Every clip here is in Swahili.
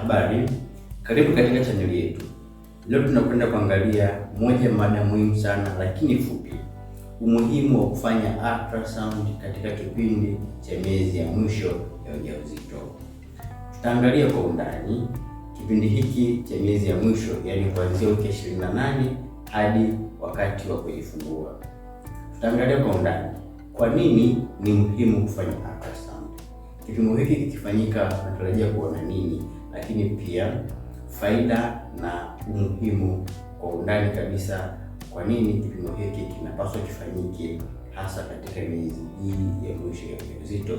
Habari, karibu katika chaneli yetu. Leo tunakwenda kuangalia moja mada muhimu sana lakini fupi, umuhimu wa kufanya ultrasound katika kipindi cha miezi ya mwisho ya ujauzito. Tutaangalia kwa undani kipindi hiki cha miezi ya mwisho, yaani kuanzia wiki 28 hadi wakati wa kujifungua. Tutaangalia kwa undani kwa nini ni muhimu kufanya Kipimo hiki kikifanyika, natarajia kuona nini, lakini pia faida na umuhimu kwa undani kabisa, kwa nini kipimo hiki kinapaswa kifanyike hasa katika miezi hii ya mwisho ya ujauzito.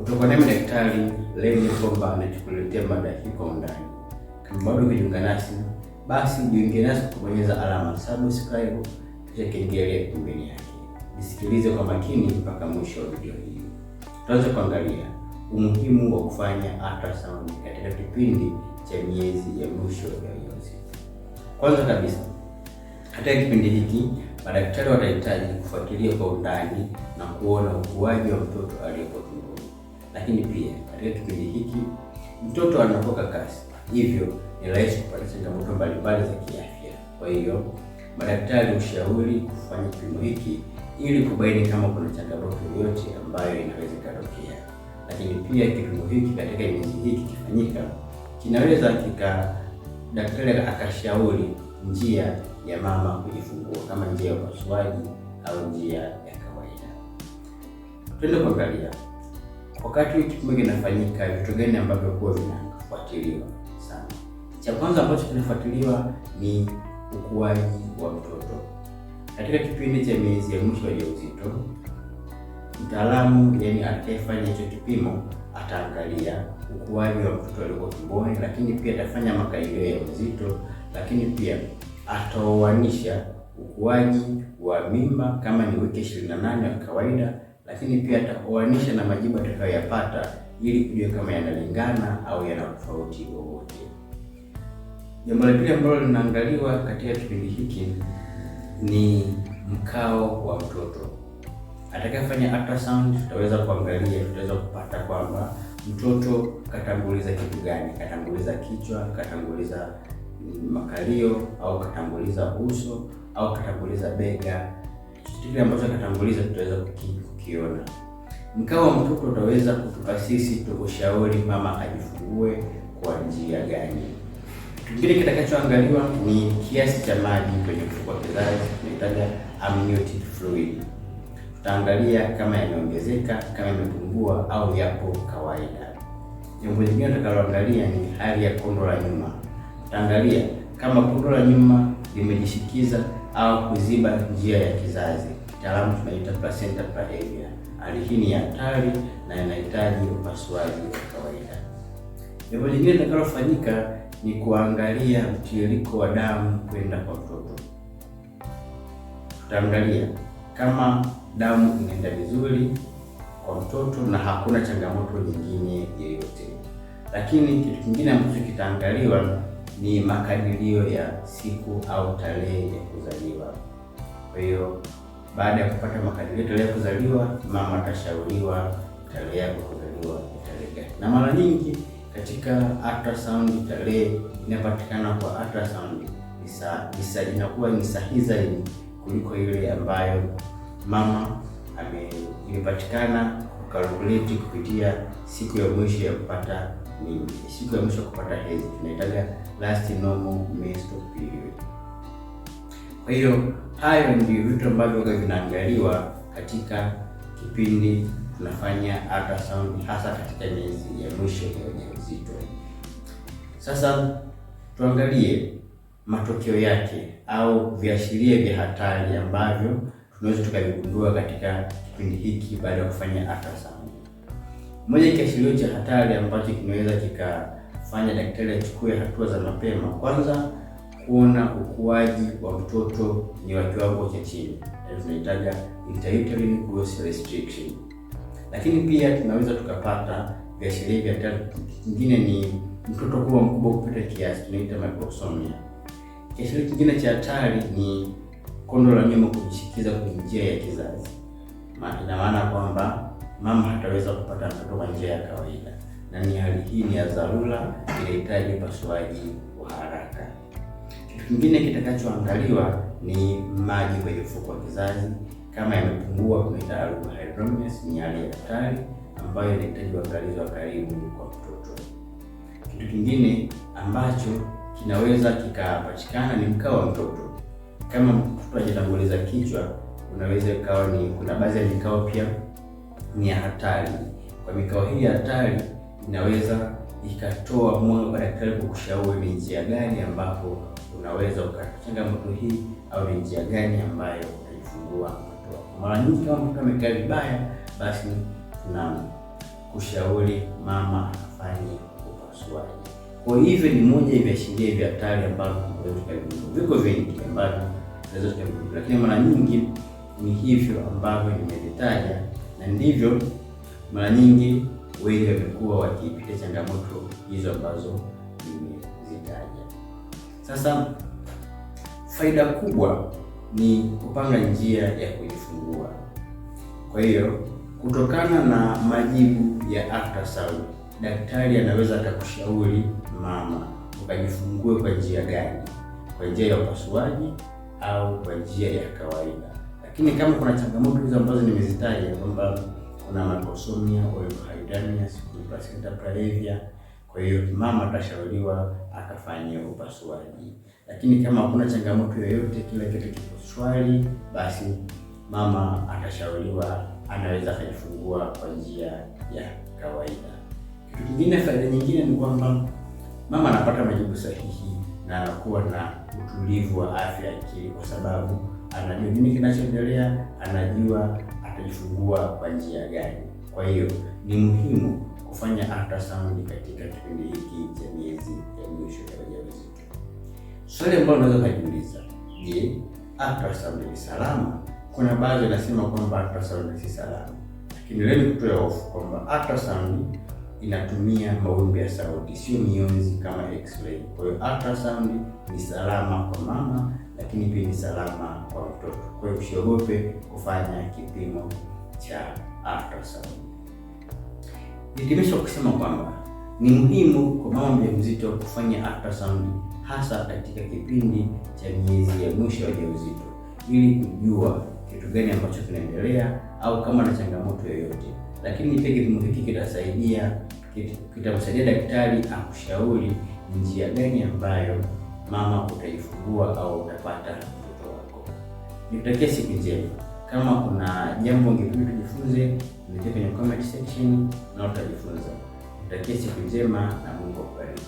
Utakuwa nami daktari Lenny Komba anachokuletea mada hii kwa undani. Kama bado hujajiunga nasi, basi jiunge nasi kubonyeza alama subscribe kisha kengele pembeni yake. Nisikilize kwa makini mpaka mwisho wa video hii tunaweza kuangalia umuhimu wa kufanya ultrasound katika kipindi cha miezi ya mwisho ya ujauzito. Kwanza kabisa, katika kipindi hiki madaktari watahitaji kufuatilia kwa undani na kuona ukuaji wa mtoto aliyeko tumboni, lakini pia katika kipindi hiki mtoto anavuka kasi, hivyo ni rahisi kupata changamoto mbalimbali za kiafya. Kwa hiyo madaktari hushauri kufanya kipimo hiki ili kubaini kama kuna changamoto yoyote ambayo inaweza ikatokea. Lakini pia kipimo hiki katika miezi hii kikifanyika, kinaweza kika daktari akashauri njia ya mama kujifungua kama njia ya upasuaji au njia ya kawaida. Tuende kuangalia wakati kipimo kinafanyika, vitu gani ambavyo huwa vinafuatiliwa sana. Cha kwanza ambacho kinafuatiliwa ni ukuaji wa mtoto. Katika kipindi cha miezi ya mwisho ya ujauzito, mtaalamu yani atakayefanya hicho kipimo ataangalia ukuaji wa mtoto aliyoko tumboni, lakini pia atafanya makadirio ya uzito, lakini pia ataoanisha ukuaji wa mimba kama ni wiki ishirini na nane ya kawaida, lakini pia ataoanisha na majibu atakayoyapata ili kujua kama yanalingana au yana tofauti wowote. Jambo la pili ambalo linaangaliwa katika kipindi hiki ni mkao wa mtoto. Atakayefanya ultrasound tutaweza kuangalia, tutaweza kupata kwamba mtoto katanguliza kitu gani, katanguliza kichwa, katanguliza makalio, au katanguliza uso, au katanguliza bega. Kile ambacho katanguliza tutaweza kukiona. Mkao wa mtoto utaweza kutupa sisi tukushauri mama ajifungue kwa njia gani. Kingine kitakachoangaliwa ni kiasi cha maji kwenye mfuko wa kizazi, tunaitaja amniotic fluid. Tutaangalia kama yameongezeka, kama yamepungua au yapo kawaida. Jambo lingine tutakaloangalia ni hali ya kondo la nyuma. Tutaangalia kama kondo la nyuma limejishikiza au kuziba njia ya kizazi, kitaalamu tunaita placenta previa. Hali hii ni hatari na inahitaji upasuaji wa kawaida. Jambo lingine litakalofanyika ni kuangalia mtiririko wa damu kwenda kwa mtoto. Tutaangalia kama damu inaenda vizuri kwa mtoto na hakuna changamoto nyingine yoyote. Lakini kitu kingine ambacho kitaangaliwa ni makadirio ya siku au tarehe ya kuzaliwa. Kwa hiyo baada ya kupata makadirio tarehe ya kuzaliwa, mama atashauriwa tarehe ya kuzaliwa tarehe gani, na mara nyingi katika ultrasound tarehe inapatikana kwa ultrasound isa, isa inakuwa ni sahihi zaidi kuliko ile ambayo mama imepatikana kukalkuleti kupitia siku ya mwisho ya kupata mimba, siku ya mwisho ya kupata hedhi tunaitaga last normal menstrual period. Kwa hiyo hayo ndio vitu ambavyo vinaangaliwa katika kipindi tunafanya ultrasound hasa katika miezi ya mwisho ya ujauzito. Sasa tuangalie matokeo yake au viashiria vya hatari ambavyo tunaweza tukavigundua katika kipindi hiki baada ya kufanya ultrasound. Moja kiashirio cha hatari ambacho kinaweza kikafanya daktari achukue hatua za mapema, kwanza kuona ukuaji wa mtoto ni wa kiwango cha chini, yaani tunahitaji intrauterine growth restriction lakini pia tunaweza tukapata viashiria vya tatu. Kingine ni mtoto kuwa mkubwa kupita kiasi, tunaita microsomia. Kiashiria kingine cha hatari ni kondo la nyuma kujishikiza kwenye njia ya kizazi. Ina maana kwamba mama hataweza kupata mtoto kwa njia ya kawaida, na ni hali hii ni ya dharura, inahitaji upasuaji wa haraka. Kitu kingine kitakachoangaliwa ni maji kwenye ufuko wa kizazi. Kama imepungua kwenye taaluma, hydramnios ni hali ya hatari ambayo inahitaji uangalizi wa karibu kwa mtoto. Kitu kingine ambacho kinaweza kikapatikana ni mkao wa mtoto. Kama mtoto hajatanguliza kichwa, unaweza ikawa ni, kuna baadhi ya mikao pia ni ya hatari. Kwa mikao hii ya hatari inaweza ikatoa mwanga kwa daktari kukushauri ni njia gani ambapo unaweza ukachanga mtu hii au ni njia gani ambayo mtoto mara nyingi kama mtu amekaa vibaya, basi tuna kushauri mama afanye upasuaji. Kwa hivyo ni moja ya viashiria vya hatari ambavyo tukavigundua. Viko vingi ambavyo tunaweza tukavigundua, lakini mara nyingi ni hivyo ambavyo nimevitaja, na ndivyo mara nyingi wengi wamekuwa wakipita changamoto hizo ambazo nimezitaja. Sasa faida kubwa ni kupanga njia ya kujifungua. Kwa hiyo kutokana na majibu ya ultrasound, daktari anaweza akakushauri mama ukajifungue kwa njia gani, kwa njia ya upasuaji au kwa njia ya kawaida. Lakini kama kuna changamoto hizo ambazo nimezitaja kwamba kuna macrosomia, ovohydramnios, placenta praevia kwa hiyo mama atashauriwa akafanyia upasuaji, lakini kama hakuna changamoto yoyote, kila kitu kiko shwari, basi mama atashauriwa anaweza akajifungua kwa njia ya kawaida. Kitu kingine, faida nyingine ni kwamba mama anapata majibu sahihi na anakuwa na utulivu wa afya akili, kwa sababu anajua nini kinachoendelea, anajua atajifungua kwa njia gani. Kwa hiyo ni muhimu kufanya ultrasound katika kipindi hiki cha miezi ya mwisho ya ujauzito. Swali ambalo unaweza kujiuliza, je, ultrasound ni salama? Kuna baadhi wanasema kwamba ultrasound si salama, lakini leo nikutoe hofu kwamba ultrasound inatumia mawimbi ya sauti, sio mionzi kama x-ray. Kwa hiyo ultrasound ni salama kwa mama, lakini pia ni salama kwa mtoto. Kwa hiyo usiogope kufanya kipimo cha ultrasound. Nitimisha kusema kwamba ni muhimu kwa mama mjamzito kufanya ultrasound hasa katika kipindi cha miezi ya mwisho ya ujauzito ili kujua kitu gani ambacho kinaendelea au kama na changamoto yoyote. Lakini pia kipimo hiki kitasaidia kitamsaidia daktari akushauri njia gani ambayo mama utaifungua au utapata mtoto wako. Nikutakia siku njema. Kama kuna jambo ungependa tujifunze, niletee kwenye comment section na utajifunza. Natakia siku njema na Mungu akubariki.